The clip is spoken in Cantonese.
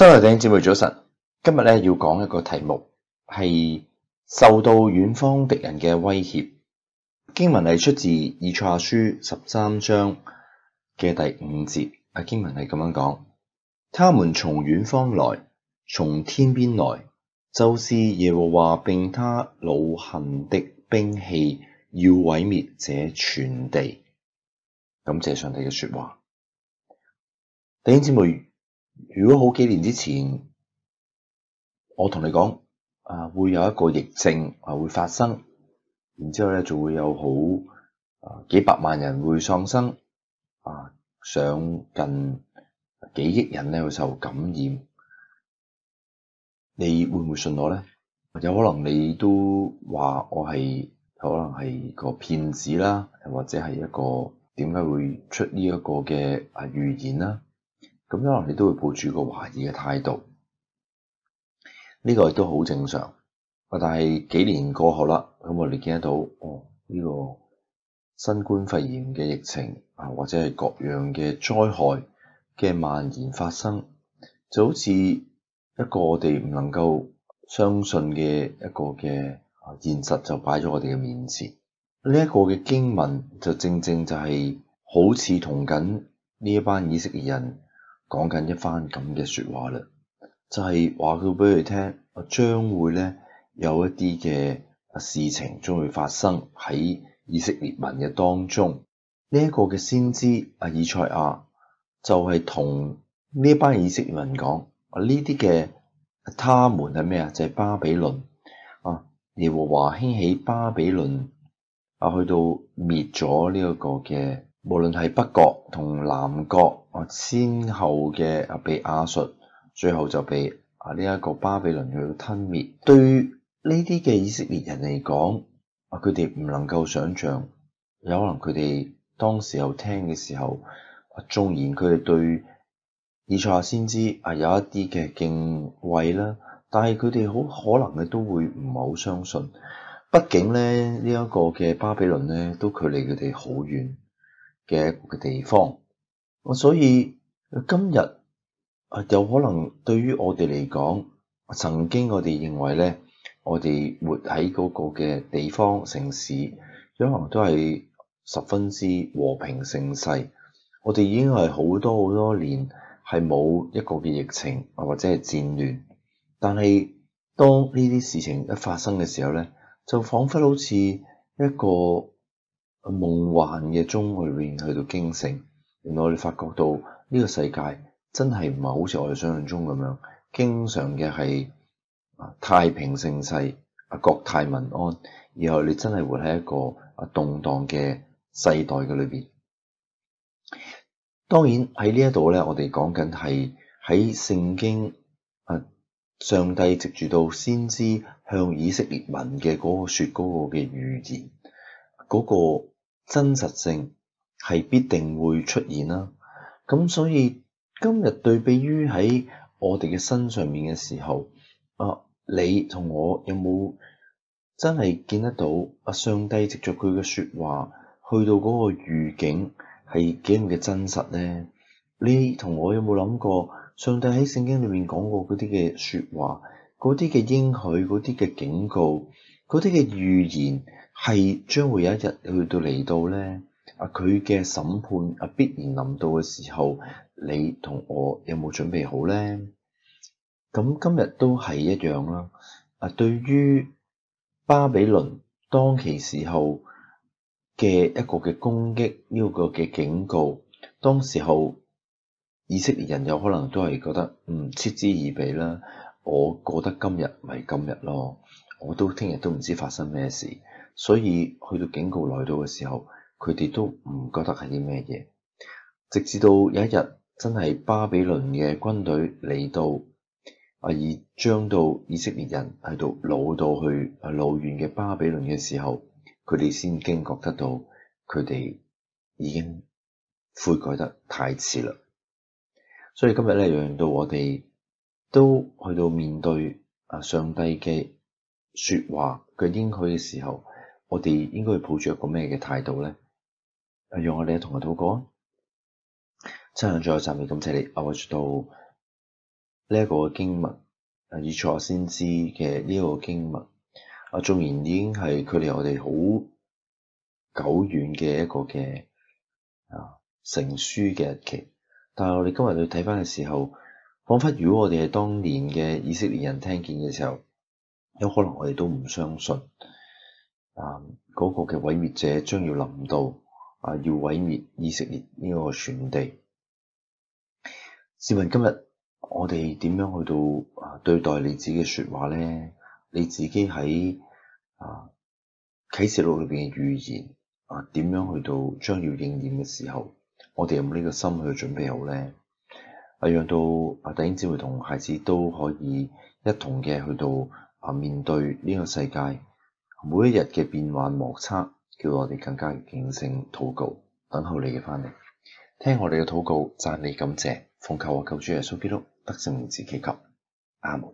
收聽弟兄姊妹早晨，今日咧要講一個題目，係受到遠方敵人嘅威脅。經文係出自以賽亞書十三章嘅第五節，啊經文係咁樣講：他們從遠方來，從天邊來，就是耶和華並他惱恨的兵器，要毀滅這全地。感謝上帝嘅說話，弟兄姊妹。如果好幾年之前我同你講啊，會有一個疫症啊會發生，然之後咧就會有好、啊、幾百萬人會喪生啊，上近幾億人咧會受感染，你會唔會信我咧？有可能你都話我係可能係個騙子啦，或者係一個點解會出呢一個嘅啊預言啦？咁可能你都會抱住個懷疑嘅態度，呢個亦都好正常。啊，但係幾年過後啦，咁我哋見得到哦，呢個新冠肺炎嘅疫情啊，或者係各樣嘅災害嘅蔓延發生，就好似一個我哋唔能夠相信嘅一個嘅現實，就擺咗我哋嘅面前。呢一個嘅經文就正正就係好似同緊呢一班以色列人。講緊一番咁嘅說話啦，就係話佢俾佢聽，我將會咧有一啲嘅事情將會發生喺以色列民嘅當中。呢、這、一個嘅先知阿以賽亞就係同呢班以色列人講，啊呢啲嘅他們係咩啊？就係、是、巴比倫啊，耶和華興起巴比倫啊，去到滅咗呢一個嘅，無論係北國同南國。我先後嘅阿被亞述，最後就被啊呢一個巴比倫去吞滅。對呢啲嘅以色列人嚟講，啊佢哋唔能夠想象，有可能佢哋當時候聽嘅時候，縱然佢哋對以賽亞先知啊有一啲嘅敬畏啦，但係佢哋好可能嘅都會唔係好相信。畢竟咧呢一個嘅巴比倫咧都距離佢哋好遠嘅一個地方。所以今日啊，有可能對於我哋嚟講，曾經我哋認為呢，我哋活喺嗰個嘅地方城市，有可能都係十分之和平盛世。我哋已經係好多好多年係冇一個嘅疫情，或者係戰亂。但係當呢啲事情一發生嘅時候呢，就仿佛好似一個夢幻嘅鐘裏面去到驚醒。原來你哋發覺到呢個世界真係唔係好似我哋想象中咁樣，經常嘅係啊太平盛世啊國泰民安，然後你真係活喺一個啊動盪嘅世代嘅裏邊。當然喺呢一度咧，我哋講緊係喺聖經啊上帝藉住到先知向以色列民嘅嗰個說嗰個嘅預言嗰個真實性，係必定會出現啦，咁所以今日對比於喺我哋嘅身上面嘅時候，啊，你同我有冇真係見得到啊？上帝藉著佢嘅說話，去到嗰個預警係幾咁嘅真實呢？你同我有冇諗過，上帝喺聖經裏面講過嗰啲嘅說話，嗰啲嘅應許，嗰啲嘅警告，嗰啲嘅預言，係將會有一日去到嚟到呢？啊！佢嘅審判啊，必然臨到嘅時候，你同我有冇準備好呢？咁今日都係一樣啦。啊，對於巴比倫當其時候嘅一個嘅攻擊，呢、這個嘅警告，當時候以色列人有可能都係覺得，唔、嗯、切之而備啦。我覺得今日咪今日咯，我都聽日都唔知發生咩事，所以去到警告來到嘅時候。佢哋都唔覺得係啲咩嘢，直至到有一日真係巴比倫嘅軍隊嚟到啊，而將到以色列人喺度老到去老遠嘅巴比倫嘅時候，佢哋先驚覺得到佢哋已經悔改得太遲啦。所以今日咧，讓到我哋都去到面對啊上帝嘅説話，佢應許嘅時候，我哋應該去抱住一個咩嘅態度咧？啊！讓我哋嘅同學禱告啊！真係在個站未咁犀利，我哋到呢一個嘅經文，啊以賽亞先知嘅呢個經文，啊縱然已經係距離我哋好久遠嘅一個嘅啊成書嘅日期，但係我哋今日去睇翻嘅時候，彷彿如果我哋係當年嘅以色列人聽見嘅時候，有可能我哋都唔相信，啊嗰個嘅毀滅者將要臨到。啊！要毀滅以色列呢個全地。試問今日我哋點樣去到啊對待你自己嘅說話咧？你自己喺啊啟示錄裏邊嘅預言啊，點樣去到將要應驗嘅時候，我哋有冇呢個心去準備好咧？啊，讓到啊弟兄姊妹同孩子都可以一同嘅去到啊面對呢個世界每一日嘅變幻莫測。叫我哋更加虔誠禱告，等候你嘅翻嚟，聽我哋嘅禱告，讚你感謝，奉求我救主耶穌基督得勝名字，祈求阿門。